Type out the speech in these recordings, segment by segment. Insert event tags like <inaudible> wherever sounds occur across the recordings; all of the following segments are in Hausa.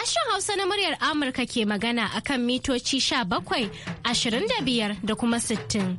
Sashen Hausa na muryar Amurka ke magana akan mitoci sha bakwai ashirin da biyar da kuma sittin.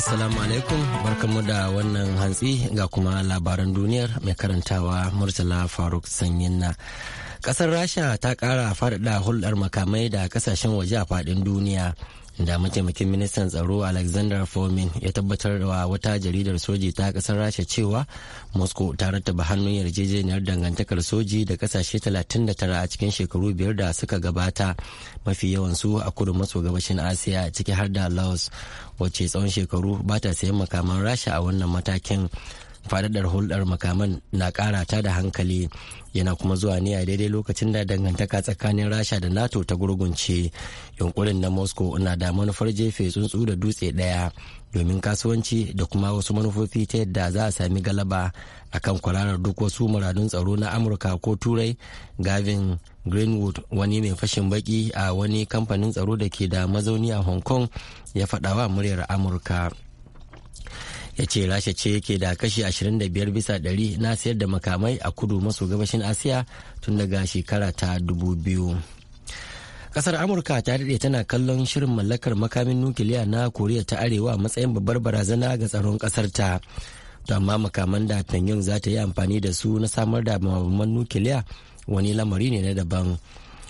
Assalamu alaikum barkamu da wannan hantsi ga kuma labaran duniyar mai karantawa Murtala Faruk Sanyinna. Kasar Rasha ta kara faɗaɗa hulɗar makamai da kasashen waje a faɗin duniya. da mataimakin ministan tsaro alexander fomin ya tabbatar da wata jaridar soji ta kasar rasha cewa moscow ta rattaba hannun yarjejeniyar dangantakar soji da kasashe 39 a cikin shekaru biyar da suka gabata mafi yawan su a kudu maso gabashin asiya ciki har da laos wacce tsawon shekaru ba ta sayan makaman rasha a wannan matakin faɗaɗar hulɗar makaman na ƙara ta da hankali yana kuma zuwa ne a daidai lokacin da dangantaka tsakanin rasha da nato ta gurgunce yunkurin na moscow na da manufar jefe tsuntsu da dutse ɗaya domin kasuwanci da kuma wasu manufofi ta yadda za a sami galaba a kan kwararar duk wasu muradun tsaro na amurka ko turai gavin greenwood wani mai fashin baki a wani kamfanin tsaro da ke da mazauni a hong kong ya faɗawa muryar amurka. ya ce rasha ce yake da kashi 25 bisa 100 na sayar da makamai a kudu maso gabashin asiya tun daga shekara ta 2000 kasar amurka ta daɗe tana kallon shirin mallakar makamin nukiliya na koriya ta arewa matsayin babbar barazana ga tsaron kasar ta to amma makaman da pyongyang za ta yi amfani da su na samar da mabamman nukiliya wani lamari ne na daban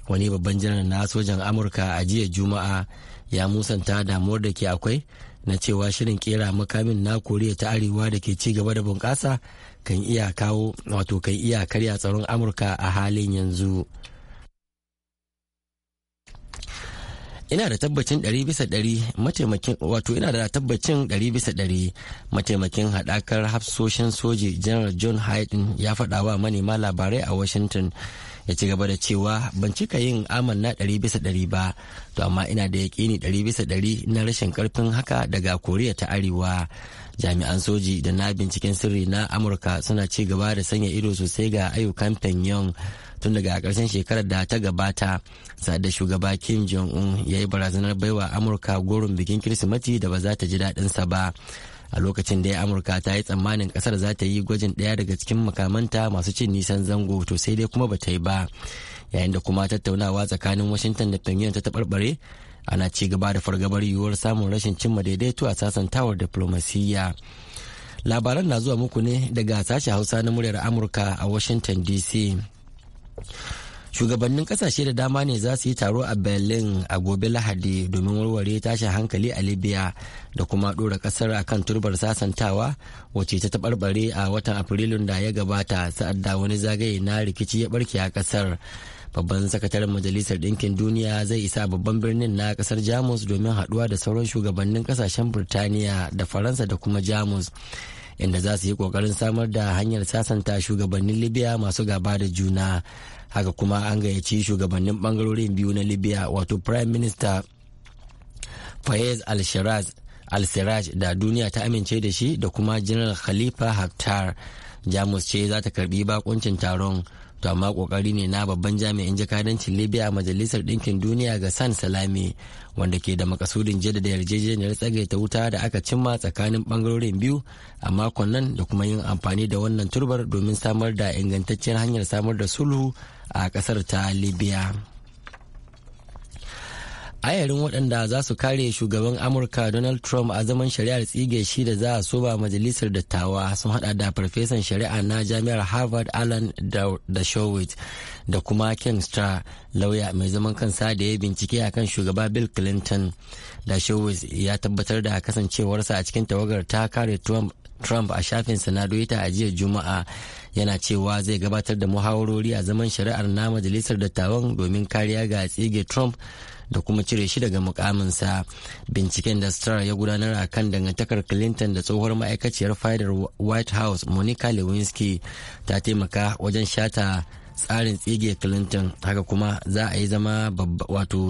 wani babban janar na sojan amurka a jiya juma'a ya musanta damuwar da ke akwai na cewa shirin kera makamin na koriya ta arewa da ke ci gaba da bunƙasa kan iya kawo wato kan iya karya tsaron amurka a halin yanzu ina da tabbacin ɗari bisa ɗari mataimakin wato haɗakar hafsoshin soji general john hayden ya faɗa wa manema labarai a washington ya ci gaba da cewa ban cika yin amanna ɗari bisa ɗari ba to amma ina da yaƙini ɗari bisa ɗari na rashin ƙarfin haka daga koriya ta arewa jami'an soji da na binciken sirri na amurka suna ci gaba da sanya ido sosai ga ayyukan pyongyang tun daga ƙarshen shekarar da ta gabata da shugaba kim jong un ya yi barazanar baiwa amurka goron bikin kirsimati da ba za ta ji daɗinsa ba a lokacin da amurka ta yi tsammanin kasar za ta yi gwajin daya daga cikin makamanta masu cin nisan zango to sai dai kuma ba ta yi ba yayin da kuma tattaunawa tsakanin washington da pyongyang ta taɓarɓare ana ci gaba da fargabar yiwuwar samun rashin cimma daidaito a sasantawar diplomasiyya labaran na zuwa muku ne daga sashen hausa na muryar amurka a washington dc shugabannin kasashe da dama ne za su yi taro a berlin a gobe lahadi domin warware tashin hankali a libya da kuma dora kasar kan turbar sasantawa wacce ta taɓarɓare a watan afrilun da ya gabata sa'ad da wani zagaye na rikici ya barke a kasar babban sakataren majalisar ɗinkin duniya zai isa babban birnin na kasar jamus domin haɗuwa da sauran shugabannin kasashen burtaniya da faransa da kuma jamus inda za su yi ƙoƙarin samar da hanyar sasanta shugabannin libya masu gaba da juna haka kuma an gayyaci shugabannin bangarorin biyu na libya wato prime minister fayez al-shiraz al da duniya ta amince da shi da kuma general khalifa haftar jamus ce za ta karbi bakuncin taron to amma kokari ne na babban jami'in jakadancin libya a majalisar ɗinkin duniya ga san salami wanda ke da makasudin jaddada yarjejeniyar ta wuta da aka cimma tsakanin bangarorin biyu a makon nan da kuma yin amfani da wannan turbar domin samar da ingantacciyar hanyar samar da sulhu a ƙasar ta libya ayarin waɗanda za su kare shugaban amurka donald trump a zaman shari'ar tsige shi da za a soba majalisar dattawa sun hada da farfesan shari'a na jami'ar harvard allen da showit da kuma ken star lauya mai zaman kansa da ya bincike akan shugaba bill clinton da showit ya tabbatar da kasancewarsa a cikin tawagar ta kare trump Trump a shafin sanadoita a jiya Juma'a yana cewa zai gabatar da muhawarori a zaman shari'ar na majalisar dattawan domin kariya ga tsige Trump da kuma cire shi daga mukaminsa binciken da star ya gudanar a kan dangantakar clinton da tsohuwar ma'aikaciyar fadar white house monica lewinsky ta taimaka wajen shata tsarin tsige clinton haka kuma za a yi zama babba wato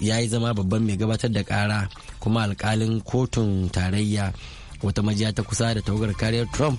ya yi zama babban mai gabatar da kara kuma alkalin kotun tarayya wata majiya ta kusa da tawagar kariyar trump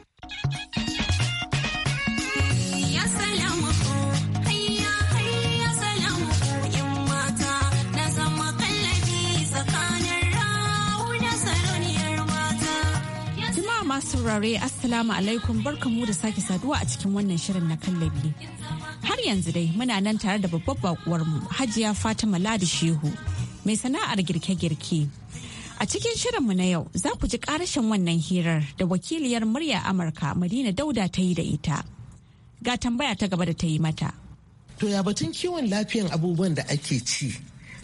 saurare Assalamu alaikum barkamu da sake saduwa a cikin wannan shirin na kallabi. Har yanzu dai muna nan tare da babbar bakuwar mu Hajiya Fatima Ladi Shehu mai sana'ar girke-girke. A cikin shirin mu na yau za ku ji karashin wannan hirar da wakiliyar murya Amurka Madina Dauda ta yi da ita. Ga tambaya ta gaba da ta yi mata. To ya batun kiwon lafiyan abubuwan da ake ci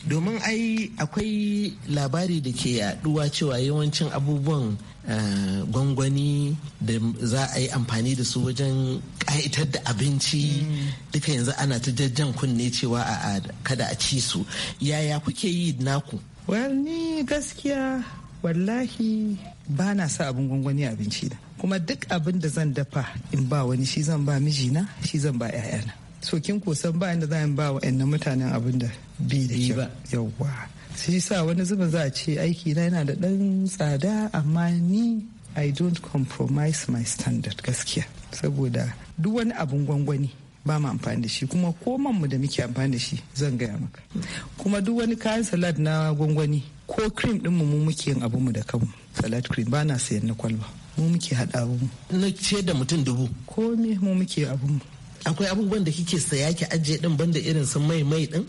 domin ai akwai labari da ke yaduwa cewa yawancin abubuwan eh, gwangwani da za a yi amfani da su wajen ka'itar da abinci mm. duka yanzu ana ta jajjan kunne cewa a kada a ci su yaya kuke yi naku Wani gaskiya wallahi ba na sa abin gwangwani abinci da kuma duk abin da zan dafa in ba wani shi zan ba mijina shi zan ba 'ya'yana sokin kusan ba inda za ba wa mutanen abin da bi da yauwa su yi sa wani zuba za a ce aiki na yana da ɗan tsada amma ni i don't compromise my standard gaskiya saboda duk wani abin gwangwani ba mu amfani da shi kuma ko mu da muke amfani da shi zan gaya maka kuma duk wani kayan salad na gwangwani ko cream din mu mu muke yin abun mu da kanmu salad cream ba na sayan na kwalba mu muke haɗa abun mu na ce da mutum dubu ko me mu muke abun mu akwai abubuwan da kike saya ki ajiye din banda irin su mai mai din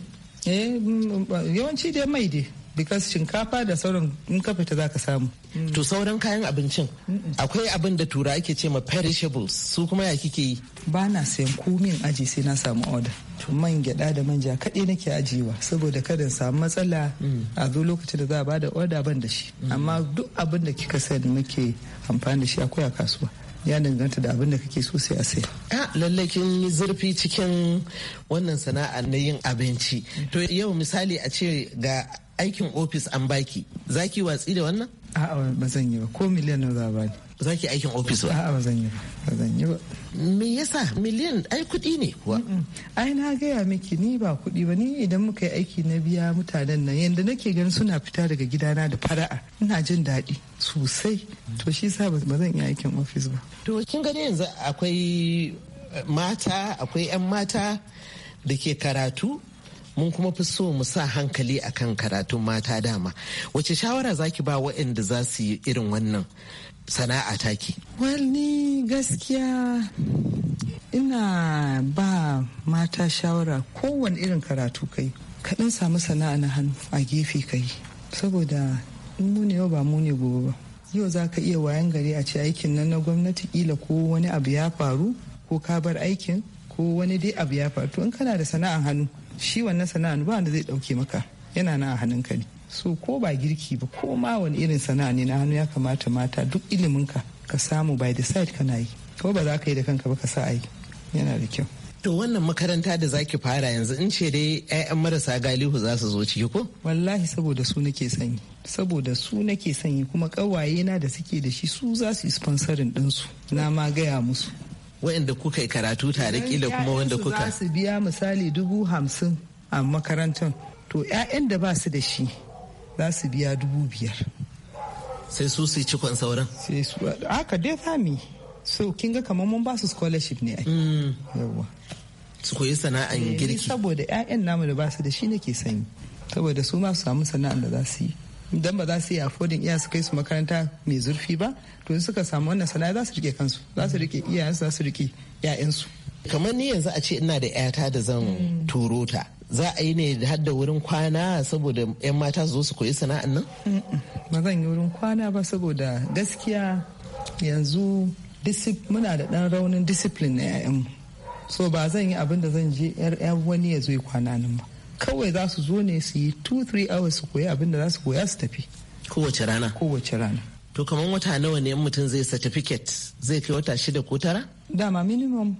eh mm, yawanci dai mai dai because shinkafa da sauran in ka fita zaka samu mm. to sauran kayan abincin akwai abin da tura ake ce ma perishables su kuma ya kike yi ba na sayan komin aji sai na samu order to man gyada da manja kadai nake ajiyewa saboda kada in samu matsala mm. a zo lokacin da za a bada order ban da shi amma duk abin da kika sani muke amfani da shi akwai a kasuwa ya danganta da abin da kake so sai a sai a ah, lallai kin yi zurfi cikin wannan sana'a na yin abinci to yau misali a ce ga aikin ofis an baki zaki watsi da wannan a'a ba zan yi ba ko miliyan na za ba zaki aikin ofis ba a'a ba zan yi ba ba zan yi ba me yasa miliyan ai kuɗi ne kuwa ai na gaya miki ni ba kuɗi ba ni idan muka yi aiki na biya mutanen nan yanda nake ganin suna fita daga gidana da fara'a ina jin daɗi sosai to shi sa ba zan yi aikin ofis ba to kin gani yanzu akwai eh, mata akwai 'yan mata da ke karatu mun kuma fi so mu sa hankali akan karatun mata dama wace shawara zaki ba waɗanda za su yi irin wannan sana'a take wani gaskiya ina ba mata shawara kowane irin karatu kai kaɗan samu sana'a na hannu a gefe kai saboda mu ne yau ba mu gobe ba yau za ka iya wayan gari a ce aikin nan na gwamnati kila ko wani abu ya faru ko ka bar aikin ko wani dai abu ya faru to in kana da sana'ar hannu shi wannan sana'a ba wanda zai ɗauke maka yana na a hannun ka ne so ko ba girki ba ko ma wani irin sana'a ne na hannu ya kamata mata duk ilimin ka ka samu by the side kana yi ko ba za ka yi da kanka ba ka sa a yi yana da kyau To wannan makaranta da zaki fara yanzu in ce dai 'ya'yan marasa galihu za su zo ciki ko? Wallahi saboda su nake sanyi. Saboda su nake sanyi kuma kawaye na da suke da shi su za su sponsorin din su Na ma gaya musu. Wa'inda kuka yi karatu tare kila kuma wanda kuka. Za su biya misali dubu hamsin a makarantar. To 'ya'yan da ba su da shi za su biya dubu biyar sai su su yi cikon sauran sai su aka dai fami so kin ga kamar mun ba su scholarship ne ai mm. yawa su koyi sana'an eh, girki saboda ƴaƴan namu da ba su da shi nake sanyi saboda su ma su samu sana'an da za su yi idan ba za su yi affording iya su kai su makaranta mai zurfi ba to suka samu wannan sana'a za su rike kansu za su rike iyayensu za su rike ƴaƴansu kamar ni yanzu a ce ina da ƴata da zan mm. turo ta za a yi ne har da wurin kwana saboda 'yan mata su zo su koyi sana'an nan? ba zan yi wurin kwana ba saboda gaskiya yanzu muna da ɗan raunin discipline na 'ya'yanmu so ba zan yi abin da zan je 'yan wani ya zo yi kwana nan ba kawai za su zo ne su yi 2-3 hours su koyi abin da za su koya su tafi kowace rana kowace rana to kamar wata nawa ne mutum zai certificate zai kai wata shida ko tara dama minimum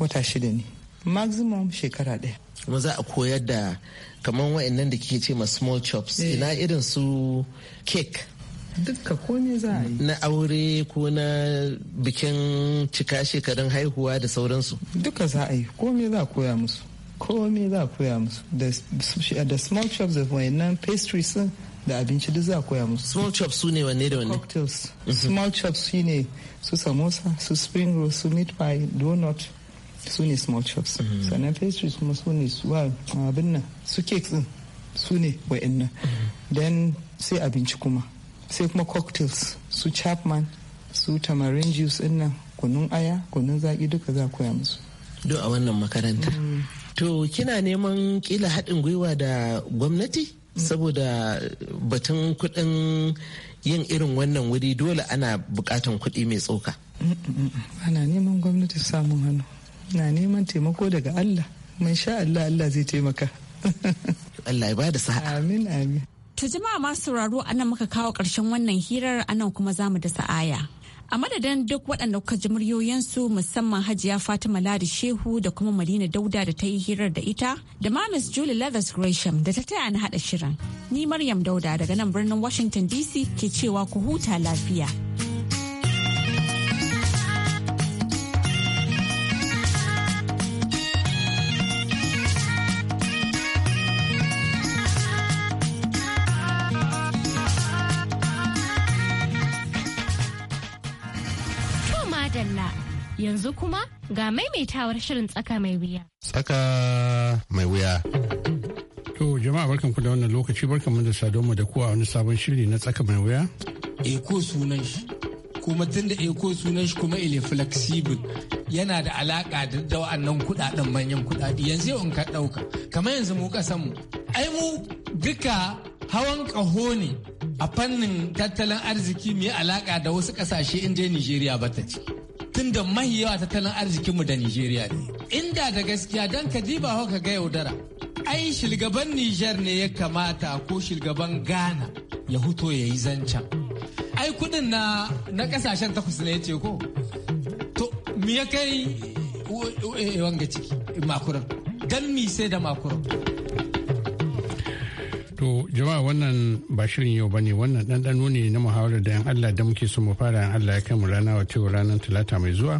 wata shida ne maximum shekara daya. kuma za a koyar da kamar wa'annan da kike ce ma small chops eh. ina irin su cake dukka ko ne za a yi na aure ko na bikin cika shekarun haihuwa da sauransu duka za a yi ko me za a koya musu ko za a koya musu da small chops da pastry pastries da abinci duk za a koya musu small chops su ne wanne da wanne cocktails mhm. small chops su ne su samosa su spring roll su meat pie donut su ne small chops mm-hmm. sannan pastries kuma su ne abin nan su cakes din su ne nan. Mm-hmm. then sai abinci kuma sai kuma cocktails su chapman su tamarin juice din nan kunun aya kunun zaki duka za koya musu duk a wannan makaranta mm-hmm. to kina neman kila haɗin gwiwa da gwamnati mm. saboda batun kuɗin yin irin wannan wuri dole ana buƙatan kuɗi mai tsoka ana neman gwamnati samun hannu na neman taimako daga Allah mun sha Allah Allah zai taimaka <laughs> Allah ya bada sa'a amin amin to jama'a masu sauraro anan muka kawo ƙarshen wannan hirar anan kuma zamu da sa'aya a madadin duk waɗanda kuka ji muryoyinsu musamman hajiya fatima ladi shehu da kuma madina dauda da ta yi hirar da ita da ma miss julie levis gresham da ta taya na haɗa shirin ni maryam dauda daga nan birnin washington dc ke cewa ku huta lafiya. kuma ga maimaitawar shirin tsaka mai wuya. Tsaka mai wuya. To jama'a ku da wannan lokaci barkan da mu da kowa wani sabon shiri na tsaka mai wuya. Eko sunan shi. Kuma tun da eko sunan shi kuma ile flexible yana da alaka da da wa'annan kudaden manyan kudade yanzu yau in ka dauka kamar yanzu mu mu. ai mu duka hawan kaho ne a fannin tattalin arziki mai alaka da wasu kasashe inda Nijeriya ba ta ci. tunda mahi yawa tattalin arzikinmu da Nijeriya ne. Inda da gaskiya don ka diba ka ga yaudara. Ai shilgaban Nijar ne ya kamata ko shilgaban Ghana ya huto ya yi zancen. Ai kudin na na kasashen takwas ne ya ce ko? To me ya kai eh, eh, wanga ciki makurar? Dan mi sai da makurar. To jama'a wannan ba shirin yau bane wannan ɗanɗano ne na muhawarar da yan Allah da muke so mu fara yan Allah ya kai mu rana wa tewa ranar talata mai zuwa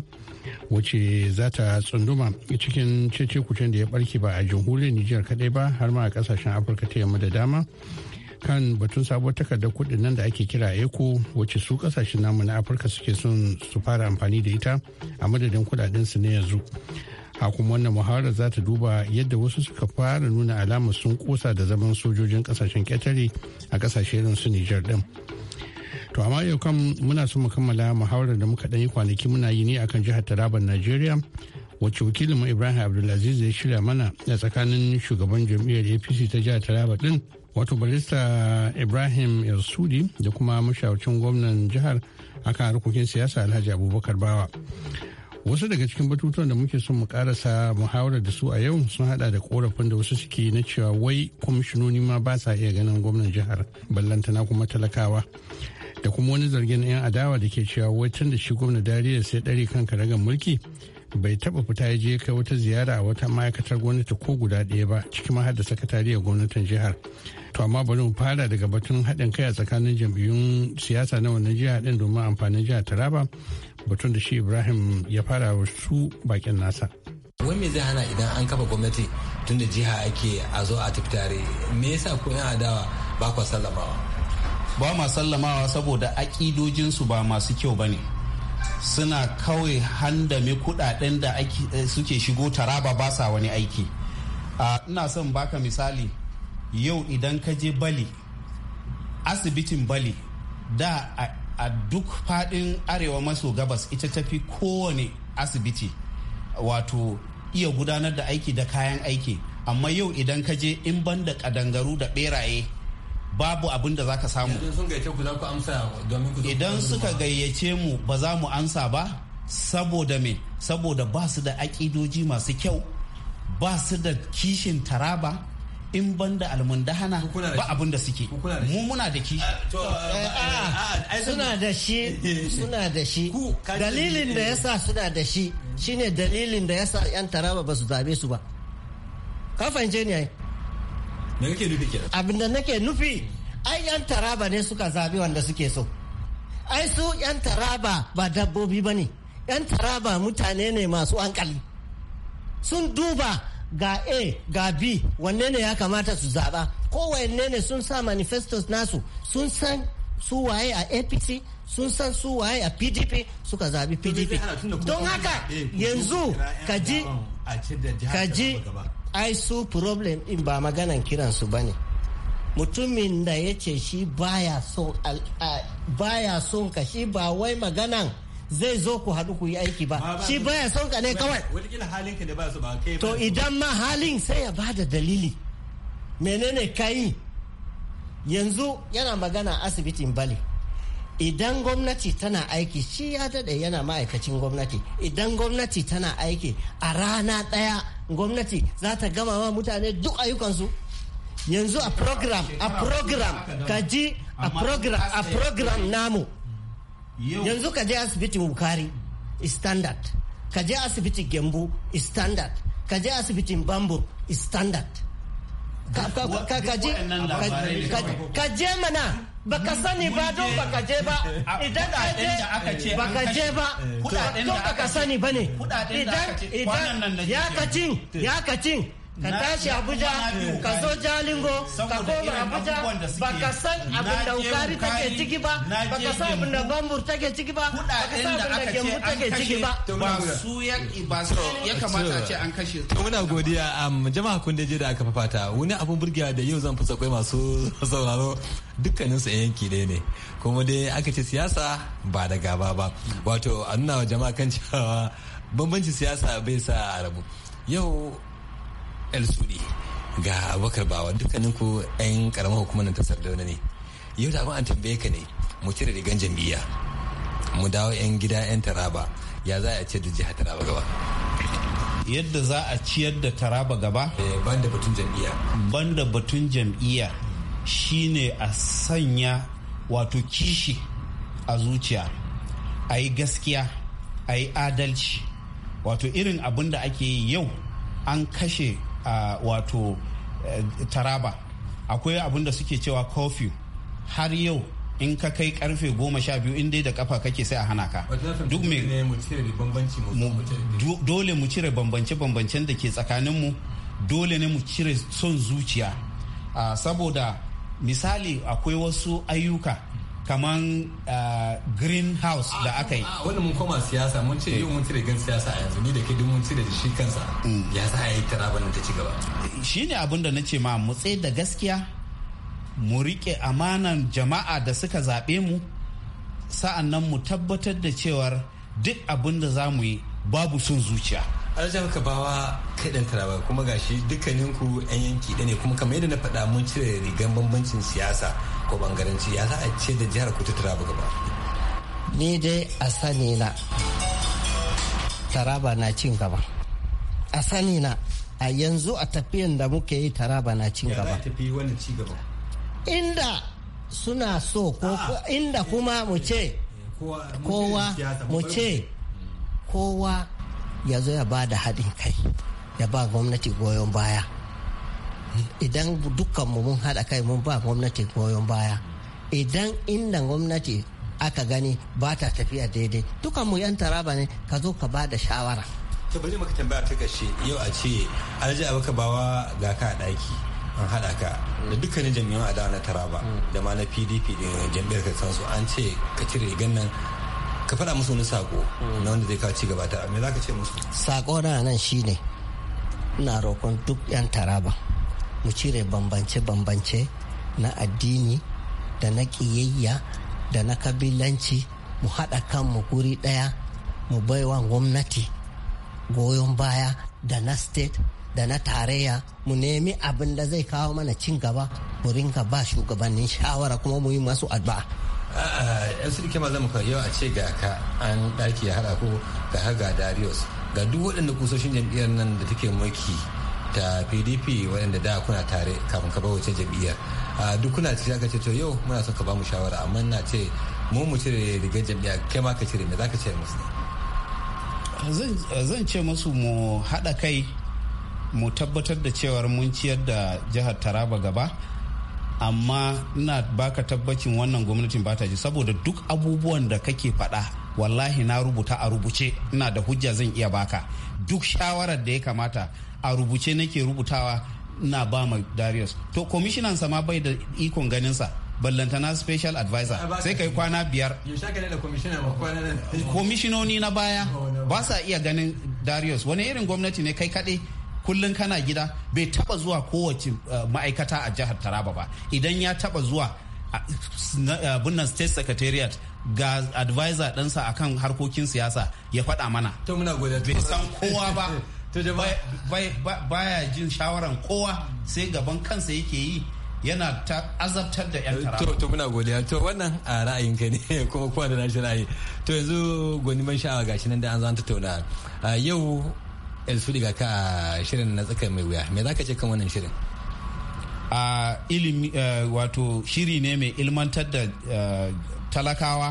wacce za ta tsunduma cikin cece kucin da ya barke ba a jamhuriyar Nijar kadai ba har ma a kasashen Afirka ta yamma da dama kan batun sabuwar takardar kuɗin nan da ake kira eco wacce su kasashen namu na Afirka suke son su fara amfani da ita a madadin kuɗaɗen su na yanzu. a kuma wannan muhawarar za ta duba yadda wasu suka fara nuna alamar sun kosa da zaman sojojin kasashen ƙetare a kasashe irin su nijar din to amma yau kan muna su mu kammala muhawarar da muka yi kwanaki muna yi ne akan jihar taraban najeriya wacce wakilin mu ibrahim abdulaziz ya shirya mana a tsakanin shugaban jam'iyyar apc ta jihar taraba din wato barista ibrahim yasudi da kuma mashawarcin gwamnan jihar akan harkokin siyasa alhaji abubakar bawa wasu daga cikin batutuwan da muke son mu karasa muhawara da su a yau sun hada da korafin da wasu suke na cewa wai kwamishinoni ma ba sa iya ganin gwamnan jihar ballantana kuma talakawa da kuma wani zargin 'yan adawa da ke cewa wai tun da shi gwamna dariya sai dare kan karagan mulki bai taba fita ya je kai wata ziyara a wata ma'aikatar gwamnati ko guda ɗaya ba cikin ma da sakatariyar gwamnatin jihar to amma bari mu fara daga batun haɗin kai a tsakanin jam'iyyun siyasa na wannan jiha ɗin domin amfanin jiha taraba batun da shi ibrahim ya fara wa su bakin nasa wai me zai hana idan an kafa gwamnati tun da jiha ake a zo a tafi tare me yasa ku yan adawa ba ku sallamawa ba ma sallamawa saboda aƙidojinsu ba masu kyau ba ne suna kawai handame kuɗaɗen da eh, suke shigo taraba ba sa wani aiki ah, ina son baka misali yau idan ka je bali asibitin bali da a duk fadin arewa maso gabas ita tafi kowane asibiti wato iya gudanar da aiki da kayan aiki amma yau idan ka je in ban da kadangaru da beraye babu abin da za ka samu idan suka gayyace mu ba za mu ansa ba saboda me saboda ba su da aƙidoji masu kyau ba su da kishin taraba in ban da almundahana ba abin da suke mu muna da ki ah, eh, ah, eh, ah, suna da shi <laughs> suna da shi dalilin da eh. yasa suna da shi shine dalilin da yasa yan taraba ba su zabe su ba ka fahimce ni ai me kake nufi ke abin da nake nufi ai yan taraba ne suka zabe wanda suke so ai su yan taraba ba dabbobi bane yan taraba mutane ne masu hankali sun duba ga a ga b wanne ne ya kamata su zaɓa kowanne ne sun sa manifestos nasu sun san su waye a apc sun san su waye a pdp suka zaɓi pdp don haka yanzu kaji kaji ai su problem din ba maganan kiransu ba ne mutumin da ya ce shi baya son ka shi ba wai maganan zai zo ku haɗu ku yi aiki ba shi baya son ka ne kawai to idan ma halin sai ya bada dalili menene kayi yanzu yana magana asibitin bale idan gwamnati tana aiki shi ya daɗe yana ma'aikacin gwamnati idan gwamnati tana aiki a rana ɗaya gwamnati za ta gama ma mutane duk ayyukansu yanzu a program a program ka ji a program namu yanzu ka je asibitin bukari standard ka je asibitin gembu standard ka je asibitin bambo standard ka je mana baka sani ba don baka je ba idan ka je baka je ba don baka sani ba ne idan ya kacin ya kacin ka tashi abuja ka zo jalingo ka koma abuja ba ka san abin da ukari take ciki ba ba ka san abin da bambur take ciki ba ba ka san abin da gembu take ciki ba ba su ya ya kamata ce an kashe muna godiya um, jama'a kun da je da aka fafata wani abun burgewa da yau zan fusa kai masu <laughs> sauraro dukkanin su yanki dai ne kuma dai aka ce siyasa ba da gaba ba wato a nuna wa jama'a kan cewa bambancin siyasa bai sa a rabu yau el sudi ga abubakar bawa dukkanin ku yan karamar hukumar ta sardauna ne yau da abin an tambaye ka ne mu cire rigan jam'iyya mu dawo yan gida yan taraba ya za a ciyar da jihar taraba gaba yadda za a ciyar da taraba gaba eh, banda batun jam'iyya banda batun jam'iyya shine a sanya wato kishi a zuciya a yi gaskiya a yi adalci wato irin abin da ake yi yau an kashe a wato eh, taraba akwai abin da suke cewa curfew har yau in ka kai karfe goma sha biyu in dai da kafa kake sai a hana ka duk mai dole mu cire bambance bambancen da ke tsakanin mu dole ne mu cire son zuciya saboda misali akwai wasu ayyuka kaman ah, greenhouse da aka yi wanda mun koma siyasa mun ce yi mun cire gan siyasa a yanzu ni da ke mun cire da shi kansa mm. ya sa ya yi taraba ta ci gaba ne abin da na ce ma mu tsaye da gaskiya mu rike amanan jama'a da suka zaɓe mu sa'an nan mu tabbatar da cewar duk abin da za mu yi babu sun zuciya aljan ka bawa kai dan taraba kuma gashi dukkanin ku yan yanki da ne kuma kamar yadda na faɗa mun cire rigan bambancin siyasa ko bangaranci ya za a ce da jihar ku ta taraba gaba ni dai a sani na taraba na cin gaba a sani na a yanzu a tafiyan da muke yi taraba na cin gaba inda suna so ko inda kuma mu ce eh, kowa mu ce kowa ya zo ya ba da haɗin kai ya ba gwamnati goyon baya idan dukkanmu mun haɗa kai mun ba gwamnati goyon baya idan inda gwamnati aka gani ba ta tafiya daidai dukkanmu yan taraba ne ka zo ka ba da shawara ta bari maka tambaya ta kashe yau a ce alhaji abuka bawa ga ka daki an haɗa ka da dukkanin jami'an adawa na taraba mm. da ma na pdp da jami'ar ka san su an ce ka cire rigan ka faɗa musu wani sako na wanda zai kawo cigaba ta me za ka ce musu sako na nan shine ina roƙon duk 'yan taraba mu cire bambance-bambance na addini da na ƙiyayya da na kabilanci mu haɗa kanmu guri ɗaya mu baiwa gwamnati goyon baya da na state da na tarayya mu nemi abin da zai kawo mana cin gaba mu ringa ba shugabannin shawara kuma mu yi masu addu'a yan sulke ma zama yau a ce ga ka an ɗaki ya hada ko ga haga darius ga duk waɗanda kusoshin jam'iyyar nan da take mulki ta pdp waɗanda da kuna tare kafin ka bawa wace jam'iyyar duk kuna ci ka ce to yau muna son ka ba mu shawara amma na ce mu mu cire rigar jam'iyyar kai ma ka cire me za ka ce musu zan ce musu mu haɗa kai mu tabbatar da cewar mun ciyar da jihar taraba gaba amma ina baka tabbacin wannan gwamnatin ba ta ji saboda duk abubuwan da kake faɗa wallahi na rubuta a rubuce ina da hujja zan iya baka duk shawarar da ya kamata a rubuce nake rubutawa na ba ma Darius to kwamishinan sama bai da ikon ganinsa ballantana special advisor sai kai kwana biyar Komishinoni na baya oh, ba sa iya ganin Darius wani irin gwamnati ne kai kaɗai kullum kana gida bai taba zuwa kowace eh, ma'aikata a jihar taraba ba idan ya taba zuwa eh, bunnan state secretariat ga advisor ɗansa akan harkokin siyasa ya faɗa mana to muna bai san kowa <laughs> ba baya jin shawaran kowa sai gaban kansa yake yi yana ta azabtar da yan taraba. To muna godiya. To wannan a ra'ayin ka ne <laughs> kuma kowa da nashi ra'ayi. To yanzu gwani ban sha'awa gashi nan da an zan tauna Yau el su diga ka shirin na tsaka mai wuya me zaka ce kan wannan shirin a ilimi eh, wato shiri ne mai ilmantar da eh, talakawa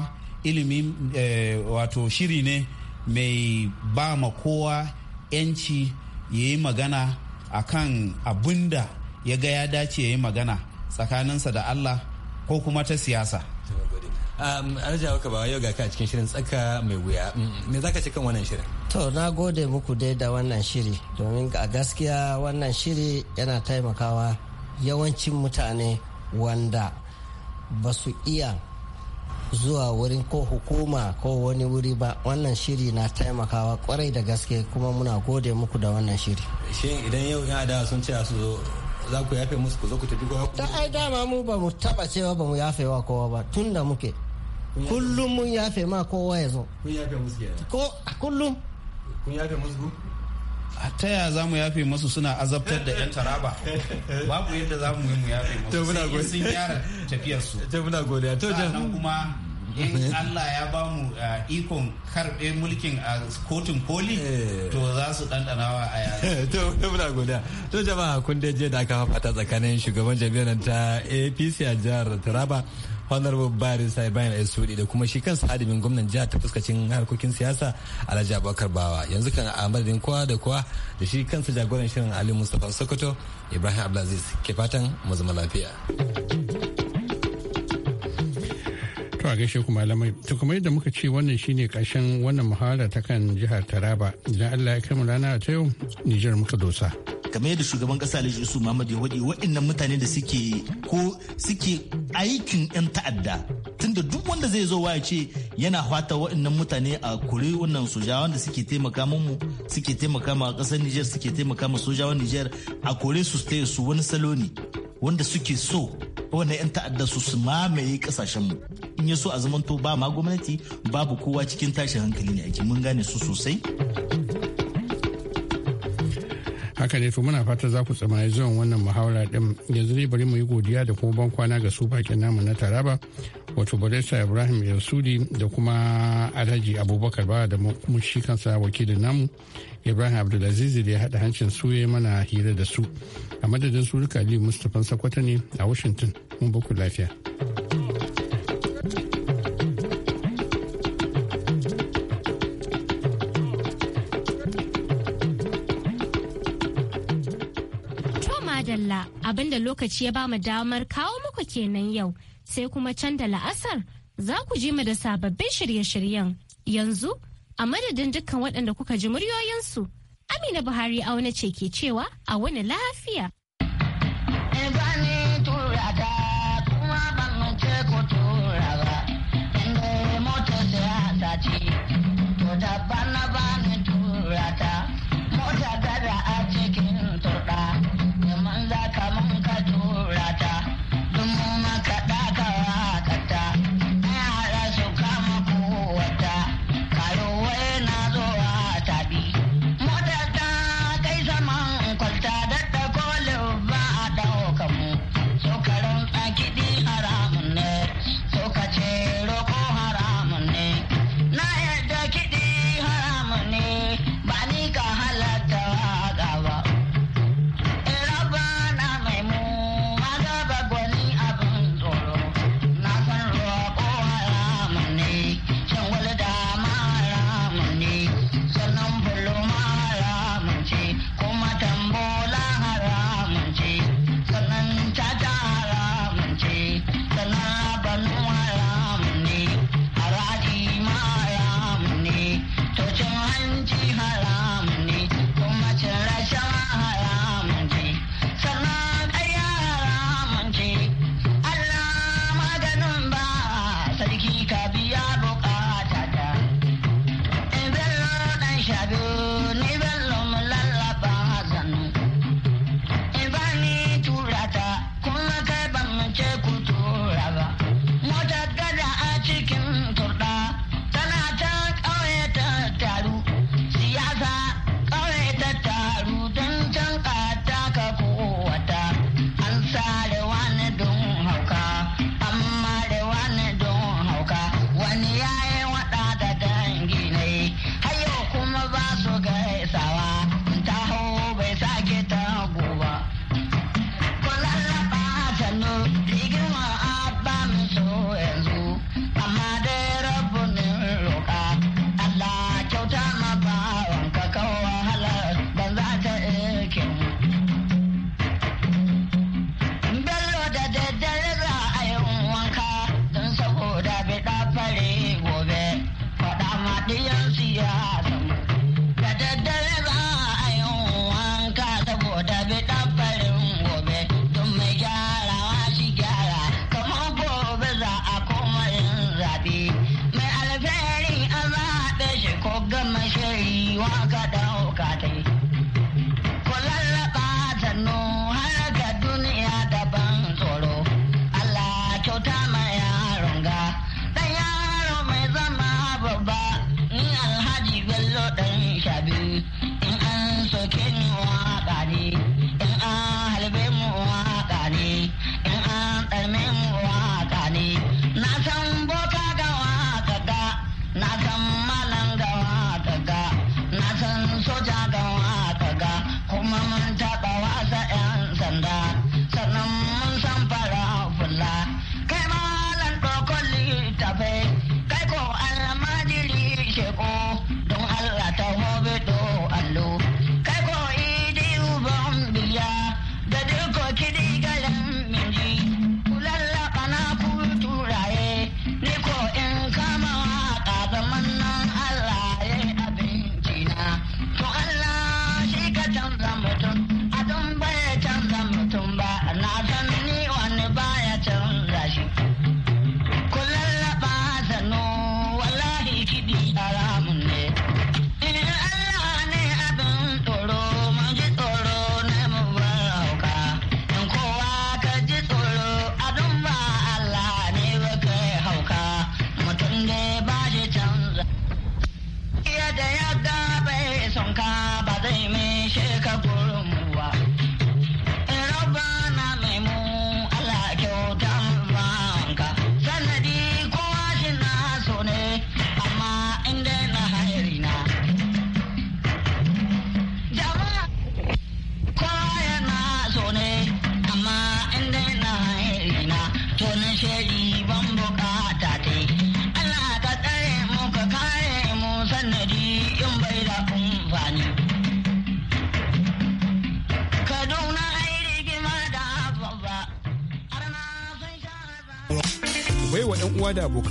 ilimi eh, wato shiri ne mai ba ma kowa yanci ya yi magana akan abin da ya ga ya dace ya yi magana tsakaninsa da allah ko kuma ta siyasa Um, jawo ka ba yau ga ka cikin shirin tsaka mai wuya. Mm, mm. Me za ka ci kan wannan shirin? To na gode muku dai da wannan shiri domin a gaskiya wannan shiri yana taimakawa yawancin mutane wanda ba su iya zuwa wurin ko hukuma ko wani wuri ba wannan shiri na taimakawa kwarai da gaske kuma muna gode muku da wannan shiri shin idan yau ya adawa sun ce su zo za ku yafe musu ku zo ku tafi kowa ta ai dama mu ba mu taba cewa ba mu yafe wa kowa ba tun da muke kullum mun yafe ma kowa ya zo kun yafe ko kullum kun yafe ta yaya za mu yafe masu suna azabtar da 'yan taraba babu yadda za mu yi mu yafe masu sun gyara tafiyarsu ta muna godiya to jan kuma in <laughs> Allah ya ba mu eh, ikon karɓe mulkin a kotun koli eh. to za su ɗanɗana wa a yanzu. <laughs> to muna godiya to jama'a kun dai je da aka fata tsakanin shugaban jami'ar ta APC a jihar Taraba honorable sai bayan esudi da kuma shi kansa hadimin gwamnan jihar ta fuskacin harkokin siyasa alhaji abubakar bawa yanzu kan a madadin kowa da kowa da shi kansa jagoran shirin ali mustapha sokoto ibrahim abdulaziz ke fatan mu zama lafiya to a gaishe ku malamai to kuma yadda muka ce wannan shine karshen wannan muhawara ta kan jihar taraba idan allah ya kai mu rana ta yau nijar muka dosa. kamar yadda shugaban kasa da Yusuf Muhammad ya waɗe waɗannan mutane da suke ko suke aikin 'yan ta'adda tunda duk wanda zai zo ya ce yana fata waɗannan mutane a kuri wannan soja wanda suke taimaka mu suke taimaka ma ƙasar Nijar suke taimaka ma sojawan Nijar a kore su su wani salo ne wanda suke so wannan 'yan ta'adda su su mamaye mu in ya so a zamanto ba ma gwamnati babu kowa cikin tashin hankali ne ake mun gane su sosai. haka ne to muna fata za ku tsamaye zuwan wannan muhawara din yanzu dai bari mu yi godiya da kuma ban kwana ga su bakin namu na taraba wato barista ibrahim yasudi da kuma alhaji abubakar ba da kuma shi kansa wakilin namu ibrahim abdulaziz da ya haɗa hancin su ya mana hira da su a madadin su duka ali mustapha sakwata ne a washington mun baku lafiya. lokaci ya ba mu damar kawo muku kenan yau sai kuma can da la'asar za ku ji mu da sababbin shirye-shiryen yanzu a madadin dukkan waɗanda kuka ji muryoyinsu amina buhari auna ce ke cewa a wani lafiya